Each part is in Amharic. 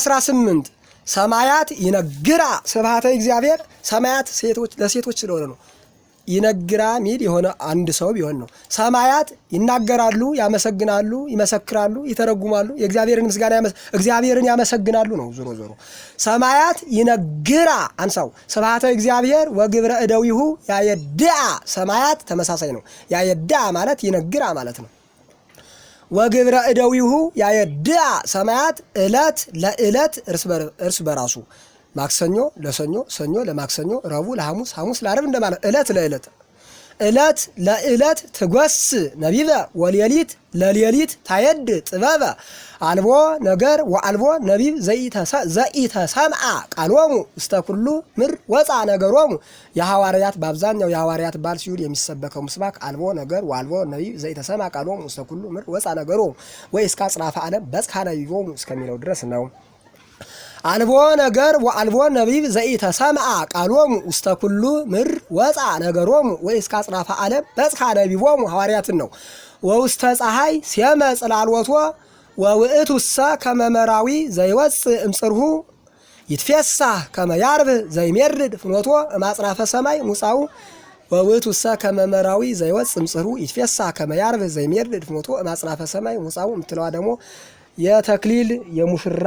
18 ሰማያት ይነግራ ስብሐተ እግዚአብሔር ሰማያት ሴቶች ለሴቶች ስለሆነ ነው። ይነግራ ሚል የሆነ አንድ ሰው ቢሆን ነው። ሰማያት ይናገራሉ፣ ያመሰግናሉ፣ ይመሰክራሉ፣ ይተረጉማሉ። የእግዚአብሔርን ምስጋና እግዚአብሔርን ያመሰግናሉ ነው። ዞሮ ዞሮ ሰማያት ይነግራ አንሳው ስብሐተ እግዚአብሔር ወግብረ እደዊሁ ያየዳ ሰማያት ተመሳሳይ ነው። ያየዳ ማለት ይነግራ ማለት ነው። ወግብረ እደዊሁ ያየድአ ሰማያት ዕለት ለዕለት እርስ በራሱ ማክሰኞ ለሰኞ፣ ሰኞ ለማክሰኞ፣ ረቡዕ ለሐሙስ፣ ሐሙስ ለዓርብ እንደማለት ዕለት ለዕለት እለት ለእለት ትጎስ ነቢበ ወሌሊት ለሌሊት ታየድ ጥበበ አልቦ ነገር ወአልቦ ነቢብ ዘኢተሰምዐ ቃሎሙ እስተ ኩሉ ምድር ወፃ ነገሮሙ። የሐዋርያት በአብዛኛው የሐዋርያት በዓል ሲውል የሚሰበከው ምስባክ አልቦ ነገር ወአልቦ ነቢብ ዘኢተሰምዐ ቃሎሙ እስተ ኩሉ ምድር ወፃ ነገሮሙ ወይ እስከ አጽናፈ ዓለም በጽሐ ነቢቦሙ እስከሚለው ድረስ ነው። አልቦ ነገር ወአልቦ ነቢብ ዘኢተሰምዐ ቃሎሙ ውስተ ኩሉ ምድር ወፃ ነገሮሙ ወእስከ አጽናፈ ዓለም በጽሐ ነቢቦሙ ሐዋርያትን ነው። ወውስተ ፀሐይ ሴመ ጽላልወቶ ወውእቱሰ ከመመራዊ ዘይወፅእ እምጽርሁ ይትፌሳህ ከመያርብህ ዘይሜርድ ፍኖቶ እማጽናፈ ሰማይ ሙፃው ወውእቱሰ ከመመራዊ ዘይወፅእ እምጽርሁ ይትፌሳህ ከመያርብህ ዘይሜርድ ፍኖቶ እማጽናፈ ሰማይ ሙፃው የምትለዋ ደግሞ የተክሊል የሙሽራ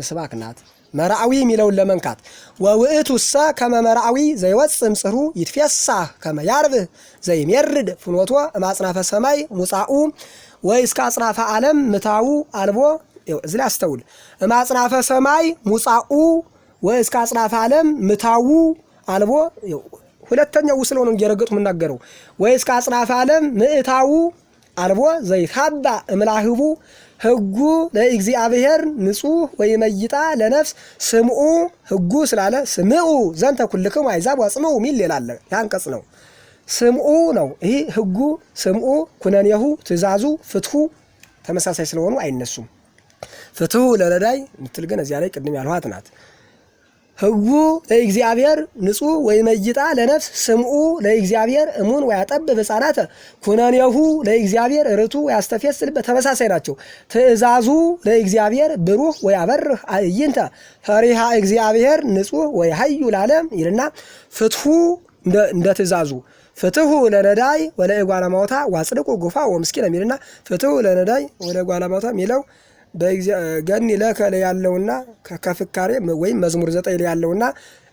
ምስባክ ናት። መራዊ የሚለውን ለመንካት ወውእቱ ሰ ከመመራዊ ዘይወፅም ጽሩ ይትፌሳ ከመያርብ ዘይሜርድ ፍኖቶ እማጽናፈ ሰማይ ሙፃኡ ወይ እስከ አጽናፈ ዓለም ምታው አልቦ እዚ ላይ አስተውል። እማጽናፈ ሰማይ ሙፃኡ ወይ እስከ አጽናፈ ዓለም ምታው አልቦ ሁለተኛው ስለሆነ ነው እየረገጡ የምናገረው። ወይ እስከ አጽናፈ ዓለም ምእታው አልቦ ዘይካባ እምላህቡ ህጉ ለእግዚአብሔር ንጹህ ወይመይጣ ለነፍስ ስምዑ ህጉ ስላለ ስምዑ ዘንተ ኩልክሙ አሕዛብ ወአጽምዑ ሚል ሌላለ ያንቀጽ ነው። ስምዑ ነው ይህ ህጉ ስምዑ ኩነኔሁ ትእዛዙ ፍትሁ ተመሳሳይ ስለሆኑ አይነሱም። ፍትሁ ለረዳይ ምትል ግን እዚያ ላይ ቅድም ያልኋት ናት። ህጉ ለእግዚአብሔር ንጹሕ ወይመይጣ ለነፍስ ስምዑ ለእግዚአብሔር እሙን ወያጠብ በሕፃናተ ኩነኔሁ ለእግዚአብሔር ርቱ ወያስተፌስል በተመሳሳይ ናቸው። ትእዛዙ ለእግዚአብሔር ብሩህ ወያበርህ አእይንተ ፈሪሃ እግዚአብሔር ንጹሕ ወያሀዩ ላለም ይልና ፍትሁ እንደ ትእዛዙ ፍትሁ ለነዳይ ወለእጓላማውታ ዋጽድቁ ጉፋ ወምስኪን የሚልና ፍትሁ ለነዳይ ወለእጓላማውታ የሚለው ገኒ ለከ ላይ ያለውና ከፍካሬ ወይም መዝሙር ዘጠኝ ላይ ያለውና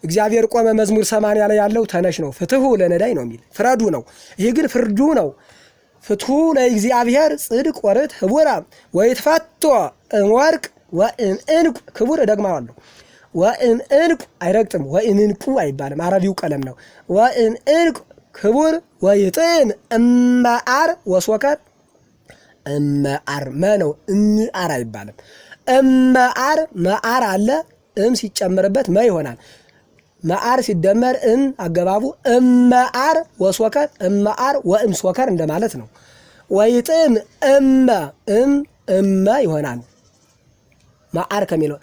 እግዚአብሔር ቆመ መዝሙር ሰማንያ ላይ ያለው ተነሽ ነው። ፍትሁ ለነዳይ ነው የሚል ፍረዱ ነው። ይህ ግን ፍርዱ ነው። ፍትሑ ለእግዚአብሔር ጽድቅ ወርት ህቡራ ወይትፈቶ እምወርቅ ወእምእንቁ ክቡር እደግማዋለሁ። ወእምእንቁ አይረግጥም። ወእምእንቁ አይባልም። አረቢው ቀለም ነው። ወእምእንቁ ክቡር ወይጥን እመዓር ወሶከር እመአር መ ነው እምአር አይባልም። እመአር መአር አለ እም ሲጨምርበት መ ይሆናል። መአር ሲደመር እም አገባቡ እመአር ወሶከር እመአር ወእም ሶከር እንደማለት ነው። ወይጥም እመ እም እመ ይሆናል። መአር ከሚለው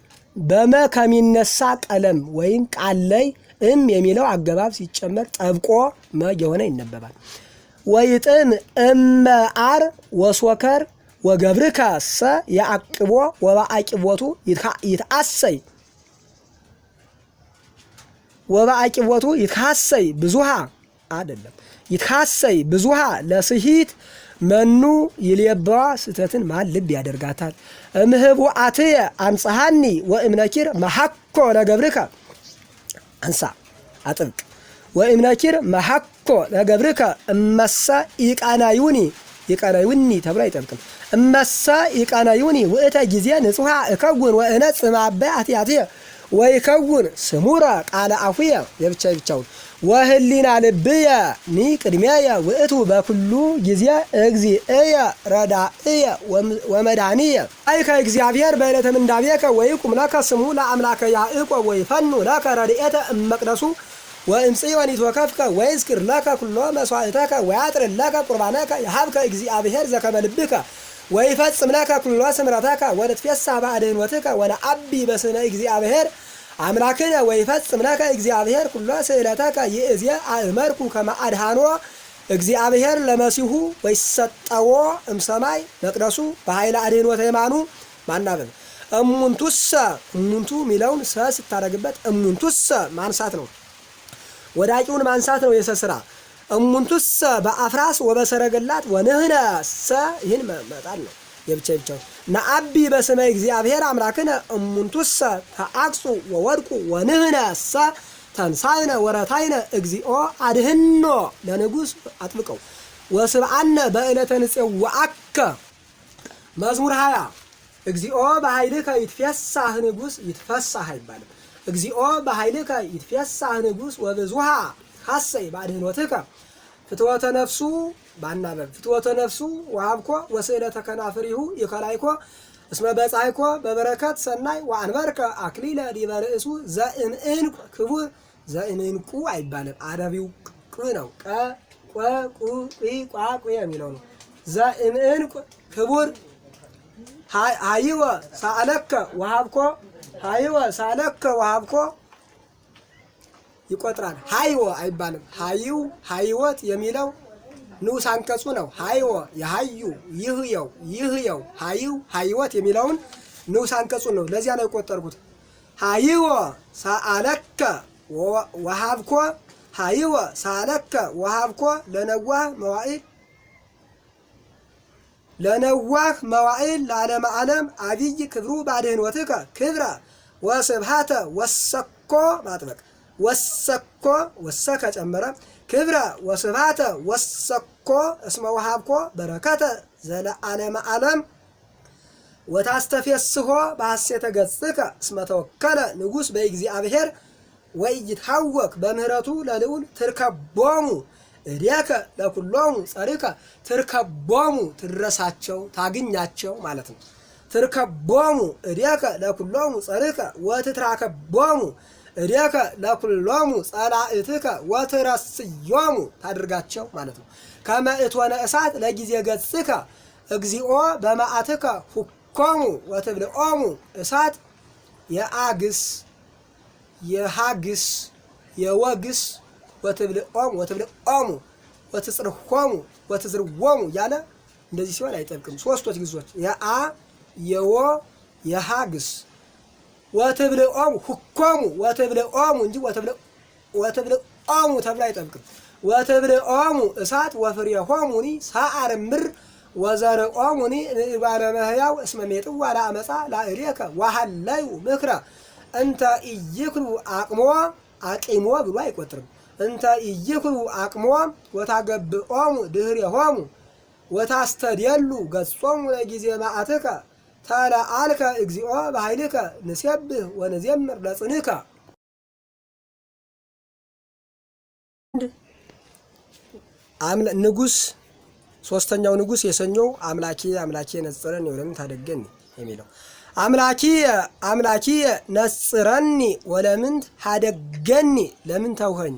በመ ከሚነሳ ቀለም ወይም ቃል ላይ እም የሚለው አገባብ ሲጨመር ጠብቆ መ የሆነ ይነበባል። ወይጥን እመ አር ወሶከር ወገብርከ ሰ የአቅቦ ወበአቂቦቱ ይትአሰይ ወበአቂቦቱ ይትሐሰይ ብዙሃ አይደለም ይትሐሰይ ብዙሃ ለስሂት መኑ ይሌባዋ ስህተትን ማን ልብ ያደርጋታል? እምህቡ አትየ አንጽሃኒ ወእምነኪር መሐኮ ለገብርከ አንሳ አጥብቅ ወኢምነኪር መሐኮ ለገብርከ እመሳ ኢቃናዩኒ ኢቃናዩኒ ተብሎ አይጠብቅም። እመሳ ኢቃናዩኒ ውእተ ጊዜ ንጹሐ እከውን ወእነጽ ማበ አትያትየ ወይከውን ስሙረ ቃለ አፉየ የብቻ ብቻውን ወህሊና ልብየ ኒ ቅድሚያየ ውእቱ በኩሉ ጊዜ እግዚእየ ረዳእየ ወመድኃኒየ አይከ እግዚአብሔር በዕለተ ምንዳቤከ ወይቁም ለከ ስሙ ለአምላከ ያዕቆብ ወይፈኑ ለከ ረድኤተ እመቅደሱ ወእምጽዮን ይትወከፍከ ወይዝክር ለከ ኩሎ መስዋዕተከ ወያጥር ለከ ቁርባነከ የሀብከ እግዚአብሔር ዘከመ ልብከ ወይፈጽም ለከ ኩሎ ስምረተከ ወለትፌሳህ ባዕድኅኖትከ ወነአቢ በስመ እግዚአብሔር አምላክነ ወይፈጽም ለከ እግዚአብሔር ኩሎ ስእለተከ ይእዜአ አእመርኩ ከመ አድኃኖ እግዚአብሔር ለመሲሁ ወይሰጠዎ እምሰማይ መቅደሱ በኃይለ አድኅኖተ የማኑ ማናበብ እሙንቱሰ እሙንቱ ሚለውን ሰ ስታደርግበት እሙንቱሰ ማንሳት ነው። ወዳቂውን ማንሳት ነው የሰ ስራ እሙንቱስ በአፍራስ ወበሰረገላት ወንህነ ሰ ይህን መጣል ነው የብቻ ብቻው ነአቢ በስመ እግዚአብሔር አምላክነ እሙንቱስ ተአቅጹ ወወድቁ ወንህነ ሰ ተንሳይነ ወረታይነ እግዚኦ አድህኖ ለንጉስ አጥብቀው ወስብአነ በእለተ ንጽ ወአከ መዝሙር ሀያ እግዚኦ በኃይልከ ይትፌሳህ ንጉስ ይትፈሳህ አይባልም። እግዚኦ በኃይልከ ይትፌሳህ ንጉስ ወብዙሃ ሐሰይ በአድኅኖትከ ፍትወተ ነፍሱ ባናበብ ፍትወተ ነፍሱ ወሀብኮ ወስእለተ ከናፍሪሁ ይከላይኮ እስመ በጻይኮ በበረከት ሰናይ ወአንበርከ አክሊለ ዲበ ርእሱ ዘእምዕንቁ ክቡር ዘእምዕንቁ አይባልም። አረቢው ቅ ነው ቀ ቆ ቁ ቂ ቋ ቁ የሚለው ነው። ዘእምዕንቁ ክቡር ሀይወ ሳለከ ውሃብኮ ሀይወ ሳለከ ውሃብኮ ይቆጥራል። ሀይወ አይባልም። ሀይው ሀይወት የሚለው ንዑስ አንቀጹ ነው። ሀይወ የሀዩ ይህየው ይህየው ሀይው ሀይወት የሚለውን ንዑስ አንቀጹ ነው። ለዚያ ነው የቆጠርኩት። ሀይወ ሳአለከ ወሃብኮ ሀይወ ሳለከ ወሃብኮ ለነዋህ መዋኢድ ለነዋህ መዋዕል ለዓለመ ዓለም አብይ ክብሩ ባድህኖትከ ክብረ ወስብሃተ ወሰኮ ማጥበቅ ወሰኮ ወሰ ከጨመረ ክብረ ወስብሃተ ወሰኮ እስመ ወሃብኮ በረከተ ዘለዓለመ ዓለም ወታስተፌስሖ በሐሴተ ገጽከ እስመ ተወከለ ንጉሥ በእግዚአብሔር ወኢይትሐወክ በምህረቱ ለልዑል ትርከቦሙ እዴከ ለኩሎሙ ጸሪከ ትርከቦሙ ትረሳቸው ታግኛቸው ማለት ነው። ትርከቦሙ እዲያከ ለኩሎሙ ጸሪከ ወትትራከቦሙ እዲያከ ለኩሎሙ ጸላእትከ ወትረስዮሙ ታድርጋቸው ማለት ነው። ከመእትወነ እሳት ለጊዜ ገጽከ እግዚኦ በመዓትከ ሁኮሙ ወትብልኦሙ እሳት የአግስ የሃግስ የወግስ ወትብልዖሙ ወትብልዖሙ ወትጽርሖሙ ወትዝርወሙ ያለ እንደዚህ ሲሆን አይጠብቅም። ሶስቶች ግዞች የአ የወ የሃ ግስ ወትብልዖሙ ሁኮሙ ወትብልዖሙ እንጂ ወትብልዖሙ ተብሎ አይጠብቅም። ወትብልዖሙ እሳት ወፍሬሆሙኒ ሰአርምር ወዘርዖሙኒ ንእባነ መህያው እስመ ሜጥዋ ለአመፃ ላእሬከ ወሀለዩ ምክረ እንተ ኢይክሉ አቅሞ አቂሞ ብሎ አይቆጥርም። እንተ ኢይክቡ አቅሞ ወታገብኦሙ ድህሬሆሙ ወታስተድየሉ ገጾሙ ለጊዜ ማዕትከ ተለአልከ እግዚኦ በኃይልከ ንሴብህ ወንዜምር ለጽንከ። ንጉስ ሶስተኛው ንጉስ የሰኞው አምላኪ አምላኪ ነጽረን ወለምን ታደገኒ የሚለው አምላኪ አምላኪ ነጽረኒ ወለምን ታደገኒ ለምን ተውኸኝ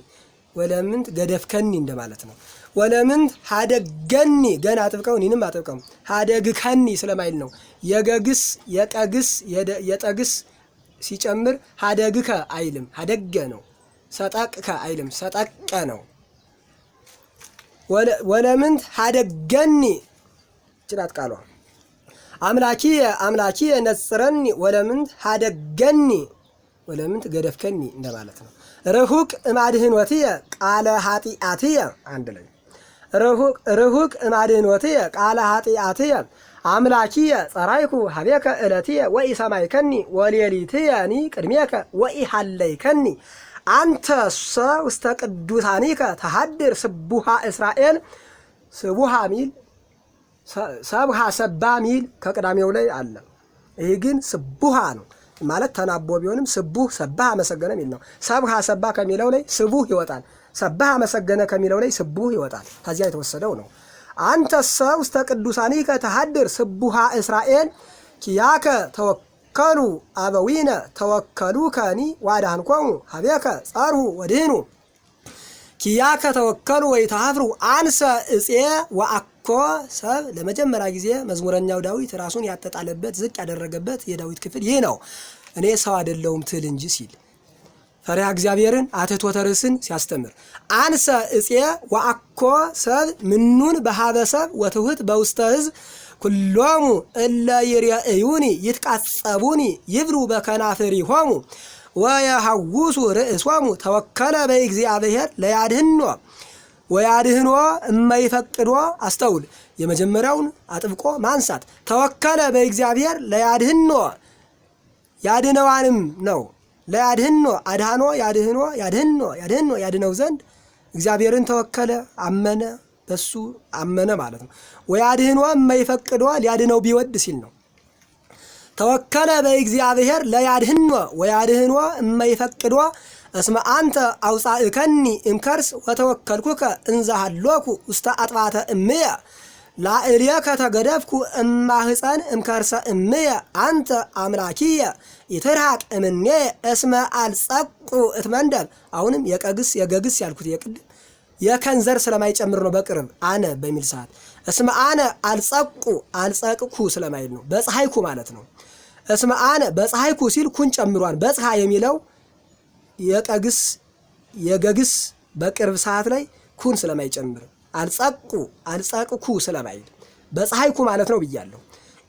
ወለምንት ገደፍከኒ እንደማለት ነው። ወለምንት ሀደገኒ ገን አጥብቀው እኔንም አጥብቀው ሀደግከኒ ስለማይል ነው። የገግስ የጠግስ የጠግስ ሲጨምር ሀደግከ አይልም፣ ሀደገ ነው። ሰጠቅከ አይልም፣ ሰጠቀ ነው። ወለምንት ሀደገኒ ችላት ቃሏ አምላኪ አምላኪ ነጽረኒ ወለምንት ሀደገኒ ወለምንት ገደፍከኒ እንደማለት ነው። ርሁቅ እማድህን ወትየ ቃለ ሀጢአትየ አንድ ላይ ርሁቅ እማድህን ወትየ ቃለ ሀጢአትየ አምላኪየ ጸራይኩ ሀቤከ እለትየ ወኢ ሰማይከኒ ወሌሊትየኒ ቅድሜከ ወኢ ሀለይከኒ አንተ ሰ ውስተ ቅዱሳኒከ ተሃድር ስቡሃ እስራኤል ስቡሃ ሚል ሰብሃ ሰባ ሚል ከቅዳሜው ላይ አለ። ይህ ግን ስቡሃ ነው። ማለት ተናቦ ቢሆንም ስቡህ ሰባህ አመሰገነ የሚል ነው። ሰብሃ ሰባ ከሚለው ላይ ስቡህ ይወጣል። ሰባህ አመሰገነ ከሚለው ላይ ስቡህ ይወጣል። ከዚያ የተወሰደው ነው። አንተ ሰው ውስተ ቅዱሳኒከ ተሐድር ስቡሃ እስራኤል ኪያከ ተወከሉ አበዊነ ተወከሉ ከኒ ዋዳንኮሙ ሀቤከ ጸርሁ ወድህኑ ኪያከ ተወከሉ ወይ ወይተሃፍሩ አንሰ እጼ ወአ ሰብ ለመጀመሪያ ጊዜ መዝሙረኛው ዳዊት ራሱን ያጠጣለበት ዝቅ ያደረገበት የዳዊት ክፍል ይህ ነው። እኔ ሰው አይደለሁም ትል እንጂ ሲል ፈሪሃ እግዚአብሔርን አትሕቶ ተርእስን ሲያስተምር አንሰ እጼ ወአኮ ሰብ ምኑን በሀበሰብ ወትውህት በውስተ ሕዝብ ኩሎሙ እለ ይሬእዩኒ ይትቃጸቡኒ ይብሉ በከናፍሪሆሙ ወየሐውሱ ርእሶሙ ተወከለ በእግዚአብሔር ለያድህኖ ወያድህኖ እማይፈቅዶ አስተውል። የመጀመሪያውን አጥብቆ ማንሳት ተወከለ በእግዚአብሔር ለያድህኖ ያድነዋንም ነው። ለያድህኖ አድሃኖ ያድህኖ ያድህኖ ያድህኖ ያድነው ዘንድ እግዚአብሔርን ተወከለ አመነ፣ በሱ አመነ ማለት ነው። ወያድህኖ የማይፈቅዶ ሊያድነው ቢወድ ሲል ነው። ተወከለ በእግዚአብሔር ለያድህኖ ወያድህኖ የማይፈቅዶ እስመ አንተ አውፃእከኒ እምከርስ ወተወከልኩከ እንዛሃሎኩ ውስተ አጥባተ እምየ ላዕሌከ ተገደፍኩ እማህፀን እምከርሰ እምየ አንተ አምላኪየ ይትርሃቅ እምኔየ እስመ አልጸቁ እትመንደብ። አሁንም የቀግስ የገግስ ያልኩት የቅድም የከንዘር ስለማይጨምር ነው። በቅርብ አነ በሚል ሰዓት እስመ አነ አልጸቁ አልጸቅኩ ስለማይል ነው። በፀሐይኩ ማለት ነው። እስመ አነ በፀሐይኩ ሲል ኩን ጨምሯል። በፀሐይ የሚለው የጠግስ የገግስ በቅርብ ሰዓት ላይ ኩን ስለማይጨምር አልጸቁ አልጸቅኩ ስለማይል በፀሐይኩ ማለት ነው ብያለሁ።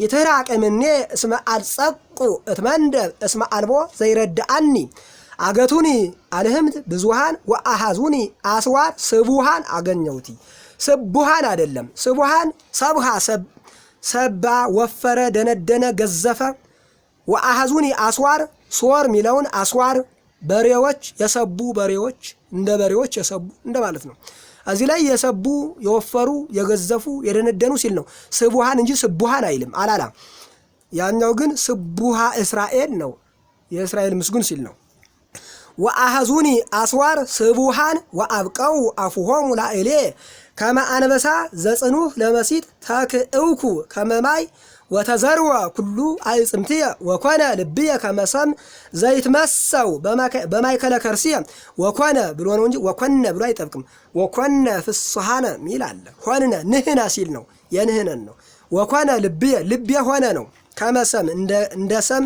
ኢትራቀ ምኔ እስመ አልጸቁ እትመንደብ እስመ አልቦ ዘይረዳአኒ አገቱኒ አልህምት ብዙሃን ወአሃዙኒ አስዋር ስቡሃን አገኘውቲ ስቡሃን አይደለም። ስቡሃን ሰብሃ ሰባ ወፈረ፣ ደነደነ፣ ገዘፈ። ወአሃዙኒ አስዋር ሶር ሚለውን አስዋር በሬዎች የሰቡ በሬዎች እንደ በሬዎች የሰቡ እንደ ማለት ነው። እዚህ ላይ የሰቡ የወፈሩ የገዘፉ የደነደኑ ሲል ነው። ስቡሃን እንጂ ስቡሃን አይልም አላላ። ያኛው ግን ስቡሃ እስራኤል ነው። የእስራኤል ምስጉን ሲል ነው። ወአህዙኒ አስዋር ስቡሃን ወአብቀው አፉሆሙ ላእሌ ከመ አንበሳ ዘጽኑህ ለመሲት ተክእውኩ ከመማይ ወተዘርዋ ኩሉ አዕፅምትየ ወኮነ ልብየ ከመሰም ዘይትመሰው በማይከለ ከርስየ ወኮነ ብሎ ነው እንጂ ወኮነ ብሎ አይጠብቅም። ወኮነ ፍስሐነ ሚል አለ። ሆንነ ንህና ሲል ነው የንህነን ነው። ወኮነ ልብየ ልብየ ሆነ ነው። ከመሰም እንደ ሰም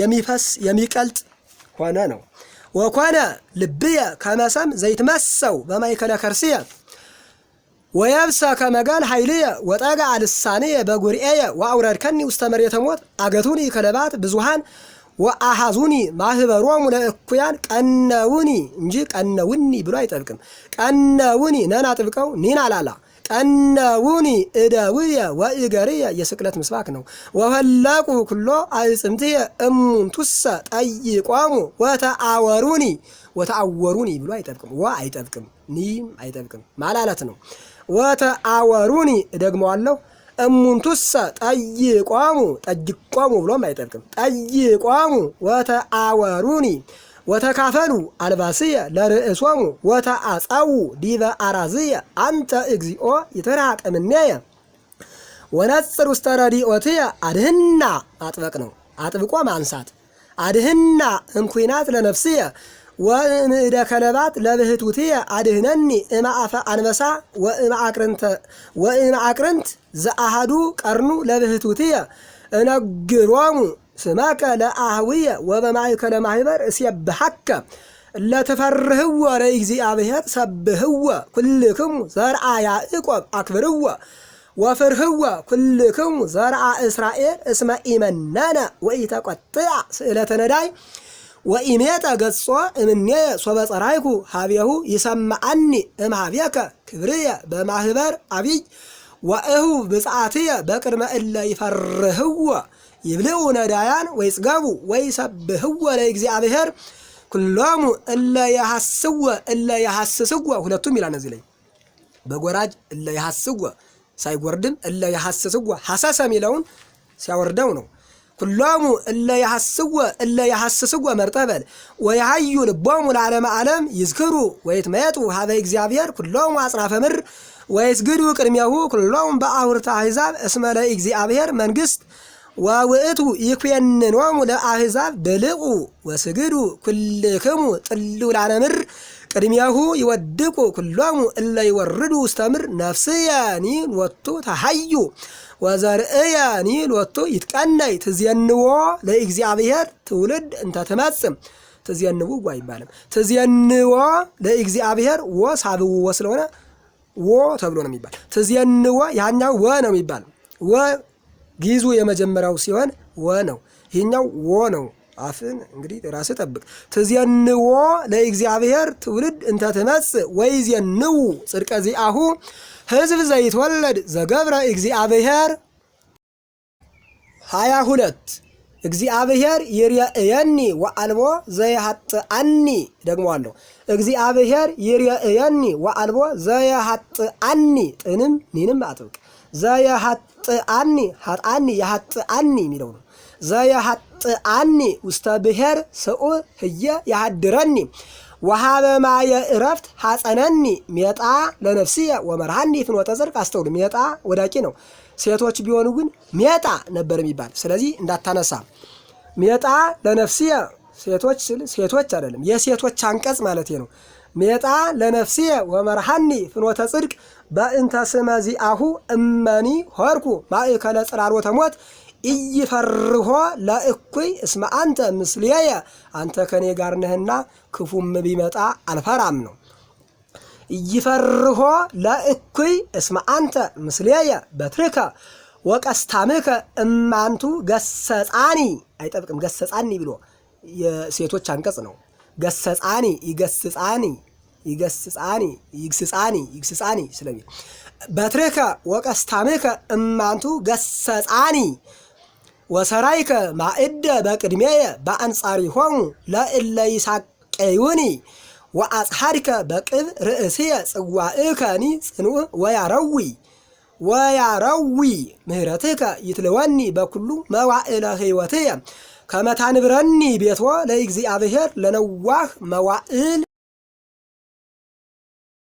የሚፈስ የሚቀልጥ ሆነ ነው። ወኮነ ልብየ ከመሰም ዘይትመሰው በማይከለ ከርስየ ወየብሰ ከመጋል ኃይልየ ወጠጋ ልሳንየ በጉርኤየ ወአውረድከኒ ውስተ መሬተ ሞት አገቱኒ ከለባት ብዙሃን ወአሐዙኒ ማህበሮሙ ለእኩያን ቀነውኒ እንጂ ቀነውኒ ብሎ አይጠብቅም። ቀነውኒ ነን አጥብቀው ኒን አላላ ቀነውኒ እደውየ ወእገርየ የስቅለት ምስባክ ነው። ወፈለቁ ኩሎ አዕጽምትየ እሙንቱሰ ጠይቆሙ ወተአወሩኒ ወተአወሩኒ ብሎ አይጠብቅም። ወ አይጠብቅም፣ ኒም አይጠብቅም። ማላለት ነው። ወተአወሩኒ እደግመዋለሁ እሙንቱሰ ጠይቋሙ ጠይቋሙ ብሎም አይጠብቅም። ጠይቋሙ ወተአወሩኒ ወተካፈሉ አልባስየ ለርእሶሙ ወተአፀዉ ዲበ አራዝየ አንተ እግዚኦ ይትርሐቅ እምኔየ ወነጽር ውስተ አድህና ማጥበቅ ነው። አጥብቆ ማንሳት አድህና እንኩናት ለነፍስየ ወእምእደ ከለባት ለብህቱትየ አድህነኒ እማአፈ አንበሳ ወእማአቅርንተ ወእማአቅርንት ዘአሃዱ ቀርኑ ለብህቱትየ እነግሮሙ ስመከ ለአህውየ ወበማእከለ ለማህበር እስየብሐከ ለትፈርህዎ ለእግዚአብሔር ሰብህዎ ኩልክሙ ዘርአ ያዕቆብ አክብርዎ ወፍርህዎ ኩልክሙ ዘርአ እስራኤል እስመ ኢመነነ ወኢተቆጥአ ስእለተ ነዳይ ወኢሜጠ ገጾ እምኔ ሶበፀራይኩ ሀቤሁ ይሰማአኒ እምሃቤከ ክብርየ በማህበር አብይ ወእሁ ብፅዓትየ በቅድመ እለ ይፈርህዎ ይብልኡ ነዳያን ወይጽገቡ ወይሰብህዎ ለእግዚአብሔር ኩሎሙ እለ የሐስወ እለ የሐስስወ ሁለቱም ይላል። እነዚህ ላይ በጎራጅ እለ የሐስወ ሳይጎርድም እለ የሐስስወ ሐሰሰ የሚለውን ሲያወርደው ነው። ሁሎሙ እለ ያሐስወ እለ ያሐስስወ መርጠበል ወያሃዩ ልቦሙ ለዓለመ ዓለም ይዝክሩ ወይትመየጡ ሀበ እግዚአብሔር ሁሎሙ አጽናፈ ምድር ወይስግዱ ቅድሜሁ ሁሎሙ በአውርተ አሕዛብ እስመ ለእግዚአብሔር መንግሥት ወውእቱ ይኩንኖሙ ለአሕዛብ ብልዑ ወስግዱ ኩልክሙ ጥሉ ላነምር ቅድሚያሁ ይወድቁ ኩሎሙ እለ ይወርዱ ውስተምር ነፍስያኒ ሎቱ ተሐዩ ወዘርእያኒ ሎቱ ይትቀናይ ትዜንዎ ለእግዚአብሔር ትውልድ እንተትመጽም ትዜንቡ ጓ ይባልም ትዜንዎ ለእግዚአብሔር ወ ሳብውዎ ስለሆነ ወ ተብሎ ነው የሚባል። ትዜንዎ ያኛው ወ ነው የሚባል። ወ ጊዙ የመጀመሪያው ሲሆን ወ ነው። ይህኛው ወ ነው። አፍን እንግዲህ ራስህ ጠብቅ። ትዚያንዎ ለእግዚአብሔር ትውልድ እንተ ትመጽእ ወይዜንው ጽድቀ ዚአሁ ህዝብ ዘይትወለድ ዘገብረ እግዚአብሔር። ሀያ ሁለት እግዚአብሔር ይርየእየኒ ወአልቦ ዘየሀጥአኒ ደግሞ አለው እግዚአብሔር ይርየእየኒ ወአልቦ ዘየሀጥአኒ ጥንም ኒንም አጥብቅ። ዘየሀጥአኒ ሀጣኒ የሀጥአኒ የሚለው ነው። ዘየሐጥአኒ ውስተ ብሔር ስኡ ህየ ያሃድረኒ ወሃበ ማየ እረፍት ሐፀነኒ ሜጣ ለነፍስየ ወመርሃኒ ፍኖተ ጽድቅ። አስተውሉ፣ ሜጣ ወዳቂ ነው። ሴቶች ቢሆኑ ግን ሜጣ ነበር የሚባል። ስለዚህ እንዳታነሳ ሜጣ ለነፍስየ ሴቶች ስል ሴቶች አይደለም፣ የሴቶች አንቀጽ ማለት ነው። ሜጣ ለነፍስየ ወመርሃኒ ፍኖተ ጽድቅ በእንተ ስመ ዚአሁ እመኒ ሆርኩ ማእከለ ጽራሮተ ሞት ኢይፈርሆ ለእኩይ እስመ አንተ ምስልየ አንተ ከኔ ጋር ነህና ክፉም ቢመጣ አልፈራም ነው። ኢይፈርሆ ለእኩይ እስመ አንተ ምስልየ በትርከ ወቀስታምከ እማንቱ ገሰጻኒ አይጠብቅም። ገሰጻኒ ብሎ የሴቶች አንቀጽ ነው። ገሰጻኒ ይገስጻኒ ይገስጻኒ ይግስጻኒ ይግስጻኒ ስለሚል በትርከ ወቀስታምከ እማንቱ ገሰጻኒ ወሰራይከ ማእደ በቅድሜየ በአንጻሪሆሙ ለእለ ይሳቀዩኒ ወአጽሃድከ በቅብ ርእስየ ጽዋእከኒ ጽኑዕ ወያረዊ ወያረዊ ምህረትከ ይትልወኒ በኩሉ መዋዕለ ሕይወትየ ከመታንብረኒ ቤትዎ ለእግዚአብሔር ለነዋህ መዋዕል